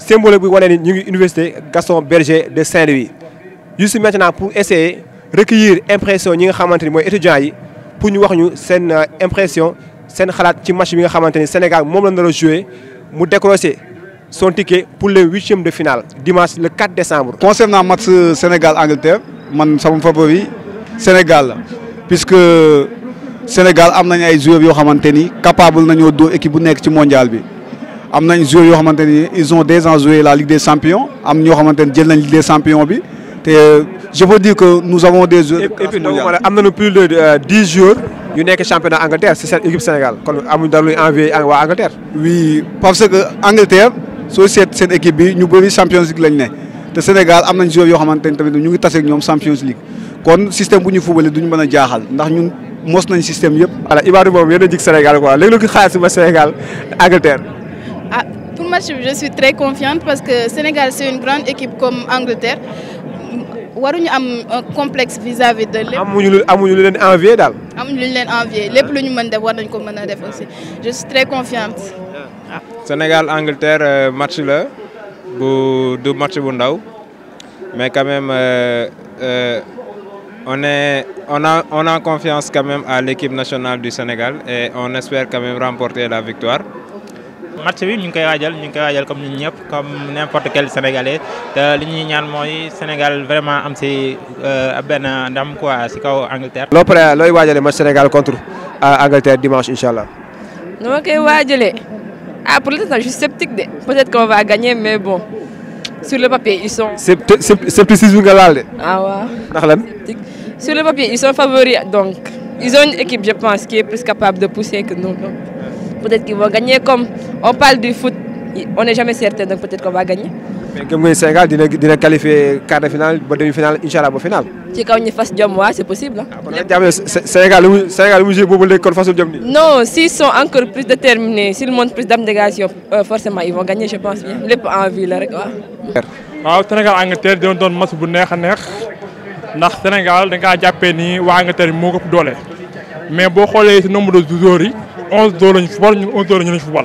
symbole bi l'université, université Gaston Berger de Saint-Louis suis maintenant pour essayer de recueillir l'impression ñi nga étudiants pour nous wax ñu euh, impression une xalaat match bi Sénégal a joué mu décroché son ticket pour le ème de finale dimanche le 4 décembre. concernant le match Sénégal Angleterre man sama favori Sénégal puisque puisque Sénégal a ay joueurs qui sont capable jouer dóor équipe bu mondial am joueurs yo xamanteni ils ont déjà joué la Ligue des Champions am ñoo xamanteni jël nañ Ligue des Champions bi té euh, je veux dire que nous avons des joueurs. et puis amna ñu plus de 10 euh, joueurs. yu nekk championnat Angleterre c'est cette équipe Sénégal kon Amu dara luy envoyé en euh, Angleterre. oui parce que Angleterre so cette cette équipe bi ñu bëri Champions League lañ ne té Sénégal am nañ joueurs yo xamanteni tamit ñu ngi tassé ak ñom Champions League kon système bu ñu fubale du ñu jaaxal ndax ñun mos nañ système yépp voilà Ibadou moom yéen a jig Sénégal quoi léegi nag xaalis ma Sénégal Angleterre. Ah, pour le match, je suis très confiante parce que Sénégal, c'est une grande équipe comme Angleterre. am complexe vis-à-vis de je suis très confiante. Sénégal Angleterre euh, match là. bu du match mais quand même euh, euh, on on a on a confiance quand même à l'équipe nationale du Sénégal et on espère quand même remporter la victoire match bi ñu ngi koy wajal ñu ngi koy wajal comme ñun ñëpp comme n'importe quel sénégalais té li ñuy ñaan moy Sénégal vraiment am si ben ndam quoi si kaw Angleterre. loo pare looy match Sénégal contre euh, Angleterre dimanche Inshallah. Non nu ma ah pour l'instant je suis sceptique de peut-être qu'on va gagner mais bon sur le papier ils sont. scepticisme nga laal dé ah wa ndax lan. sur le papier ils sont favoris donc. ils ont une équipe, je pense, qui est plus capable de pousser que nous. Peut-être qu'ils vont gagner comme on parle du foot, on n'est jamais certain, donc peut-être qu'on va gagner. Mais comme le Sénégal, il qualifié quart de finale, demi-finale, Inch'Allah, pour finale. Si on est face à c'est possible. Le hein. ah, Sénégal, Sénégal, vous jouez pour face à Non, s'ils sont encore plus déterminés, s'ils montrent plus d'abnégation, euh, forcément, ils vont gagner, je pense bien. Les pas en vie, là, quoi. waaw Sénégal Angleterre de un match bu neex a ndax Sénégal da ngaa jàppee ni waa Angleterre moo ko doole mais boo xoolee le nombre de joueurs yi joueurs dóor lañu 11 joueurs